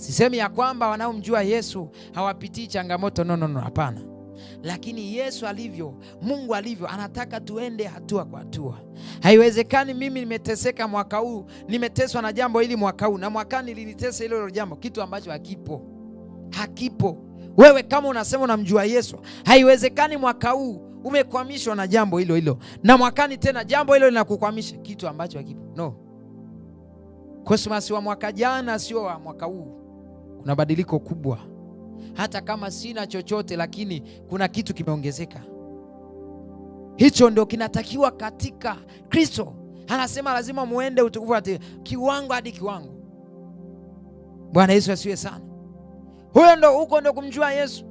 Sisemi ya kwamba wanaomjua Yesu hawapitii changamoto, no, no, no, hapana. Lakini Yesu alivyo, Mungu alivyo, anataka tuende hatua kwa hatua. Haiwezekani mimi nimeteseka mwaka huu, nimeteswa na jambo hili mwaka huu, na mwakani linitesa hilo hilo jambo, kitu ambacho hakipo, hakipo. Wewe kama unasema unamjua Yesu, haiwezekani mwaka huu umekwamishwa na jambo hilo hilo, na mwakani tena jambo hilo linakukwamisha, kitu ambacho hakipo. No, Krismasi wa mwaka jana sio wa mwaka huu kuna badiliko kubwa. Hata kama sina chochote, lakini kuna kitu kimeongezeka. Hicho ndio kinatakiwa katika Kristo. Anasema lazima muende utukufu ati kiwango hadi kiwango. Bwana Yesu asiwe sana. Huyo ndo huko ndo kumjua Yesu,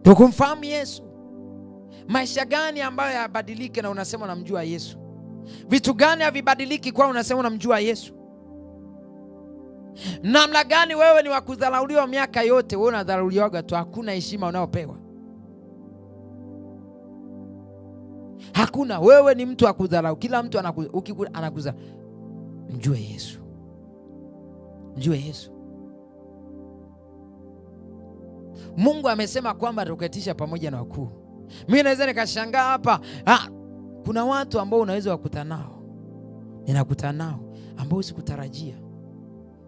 ndo kumfahamu Yesu. Maisha gani ambayo yabadilike na unasema unamjua Yesu? Vitu gani havibadiliki kwa unasema unamjua Yesu? namna gani wewe ni wakudharauliwa miaka yote, wewe unadharauliwaga tu, hakuna heshima unayopewa hakuna. Wewe ni mtu akudharau, kila mtu anakuza. Mjue Yesu, mjue Yesu. Mungu amesema kwamba tuketisha pamoja na wakuu. mi naweza nikashangaa hapa ha, kuna watu ambao unaweza wakutanao nao, nao ambao sikutarajia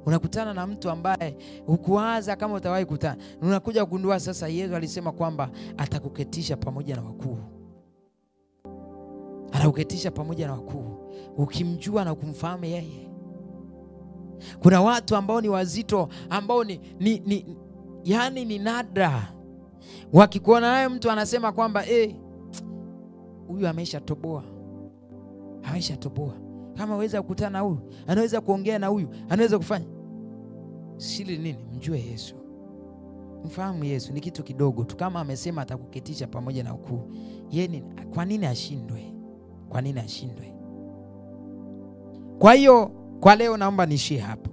unakutana na mtu ambaye hukuwaza kama utawahi kutana, unakuja kugundua sasa Yesu alisema kwamba atakuketisha pamoja na wakuu, atakuketisha pamoja na wakuu ukimjua na kumfahamu yeye. Kuna watu ambao ni wazito ambao ni, ni, ni yani ni nadra, wakikuona naye mtu anasema kwamba eh, huyu ameshatoboa ameshatoboa kama aweza kukutana na huyu, anaweza kuongea na huyu, anaweza kufanya Siri nini? Mjue Yesu, mfahamu Yesu. Ni kitu kidogo tu, kama amesema atakuketisha pamoja na ukuu. Yeye nini? Kwa nini ashindwe? Kwa nini ashindwe? Kwa hiyo kwa leo naomba niishie hapo.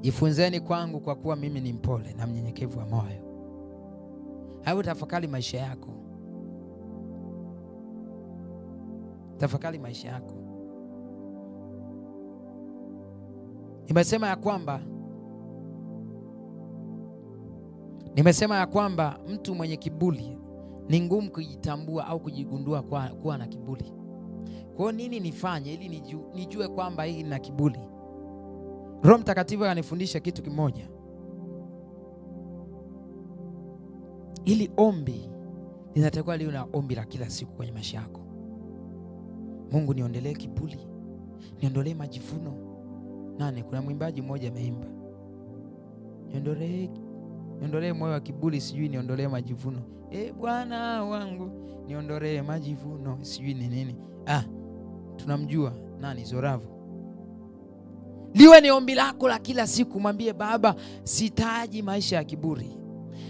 Jifunzeni kwangu, kwa kuwa mimi ni mpole na mnyenyekevu wa moyo. Au tafakari maisha yako, tafakari maisha yako. Nimesema ya kwamba nimesema ya kwamba mtu mwenye kibuli ni ngumu kujitambua au kujigundua kwa kuwa na kibuli Kwa hiyo nini nifanye ili nijue, nijue kwamba hii ina kibuli Roho Mtakatifu ananifundisha kitu kimoja, ili ombi linatakiwa liwe na ombi la kila siku kwenye maisha yako. Mungu, niondolee kibuli niondolee majivuno nane kuna mwimbaji mmoja ameimba, niondolee niondolee moyo wa kiburi, sijui niondolee majivuno. E Bwana wangu niondolee majivuno, sijui ni nini. Ah, tunamjua nani? Zoravu. Liwe ni ombi lako la kila siku, mwambie Baba, sitaji maisha ya kiburi,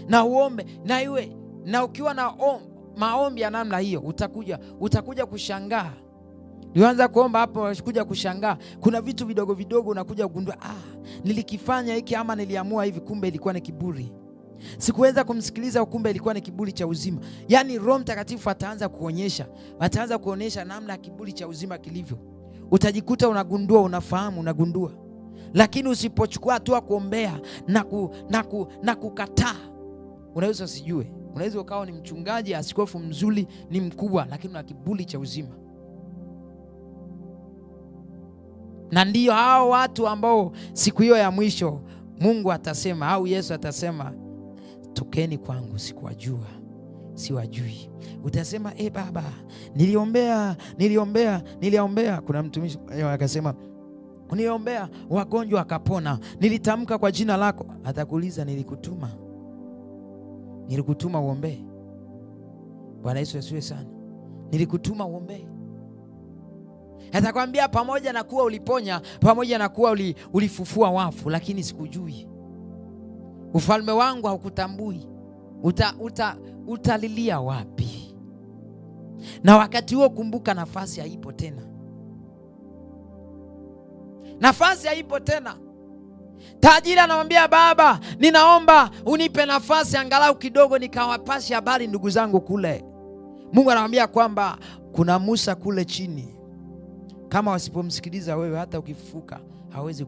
na uombe na iwe na ukiwa na om, maombi ya namna hiyo, utakuja utakuja kushangaa Ulianza kuomba hapo, unakuja kushangaa, kuna vitu vidogo vidogo unakuja kugundua, ah, nilikifanya hiki ama niliamua hivi, kumbe ilikuwa ni kiburi. Sikuweza kumsikiliza, kumbe ilikuwa ni kiburi cha uzima. Yaani Roho Mtakatifu ataanza kuonyesha, ataanza kuonyesha namna kiburi cha uzima kilivyo. Utajikuta unagundua, unafahamu, unagundua, lakini usipochukua hatua kuombea na, ku, na, ku, na kukataa, unaweza usijue, unaweza ukawa ni mchungaji, askofu mzuri, ni mkubwa, lakini una kiburi cha uzima. na ndiyo hao watu ambao siku hiyo ya mwisho Mungu atasema au Yesu atasema, tokeni kwangu, sikuwajua siwajui. Utasema e, Baba, niliombea niliombea niliombea. Kuna mtumishi eh, akasema niliombea wagonjwa akapona, nilitamka kwa jina lako. Atakuuliza, nilikutuma nilikutuma uombee. Bwana Yesu asiwe sana, nilikutuma uombee Atakwambia pamoja na kuwa uliponya, pamoja na kuwa uli, ulifufua wafu, lakini sikujui. Ufalme wangu haukutambui. Uta, uta, utalilia wapi? Na wakati huo kumbuka, nafasi haipo tena, nafasi haipo tena. Tajiri anamwambia baba, ninaomba unipe nafasi angalau kidogo nikawapashe habari ndugu zangu kule. Mungu anamwambia kwamba kuna Musa kule chini kama wasipomsikiliza wewe, hata ukifufuka hawezi